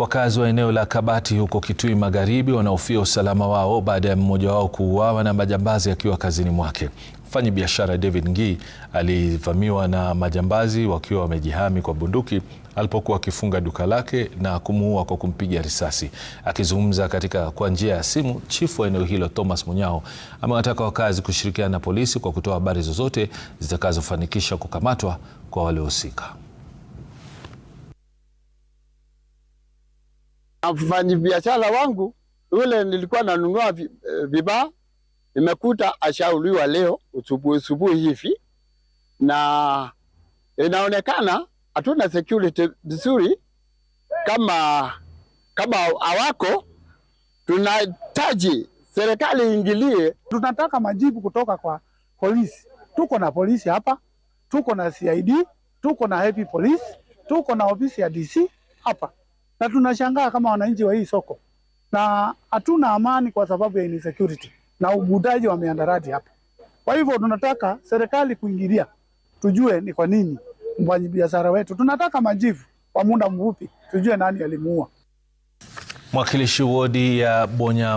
Wakazi wa eneo la Kabati huko Kitui Magharibi wanahofia usalama wao baada ya mmoja wao kuuawa na majambazi akiwa kazini mwake. biashara David Ngii alivamiwa na majambazi wakiwa wamejihami kwa bunduki alipokuwa akifunga duka lake na kumuua kwa kumpiga risasi. Akizungumza katika kwa njia ya simu, chifu wa eneo hilo Thomas Munyao amewataka wakazi kushirikiana na polisi kwa kutoa habari zozote zitakazofanikisha kukamatwa kwa waliohusika. na biashara wangu yule nilikuwa nanunua e, vibaa, nimekuta ashauliwa leo usubuhi usubuhi hivi, na inaonekana hatuna security vizuri. Kama kama hawako, tunahitaji serikali iingilie. Tunataka majibu kutoka kwa polisi. Tuko na polisi hapa, tuko na CID, tuko na heavy police, tuko na ofisi ya DC hapa na tunashangaa kama wananchi wa hii soko, na hatuna amani kwa sababu ya insecurity na ubudaji wa miandarati hapa. Kwa hivyo tunataka serikali kuingilia, tujue ni kwa nini mfanyabiashara wetu, tunataka majivu kwa muda mfupi, tujue nani alimuua. Mwakilishi wodi ya Bonya